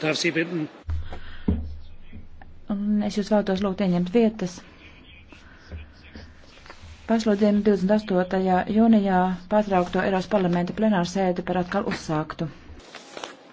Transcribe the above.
Darf Sie bitten? Un es jūs vēlos lūgt ieņemt vietas. Pašlūdzījumu 28. jūnijā pārtraukto Eiropas parlamenta plenārsēdi par atkal uzsāktu.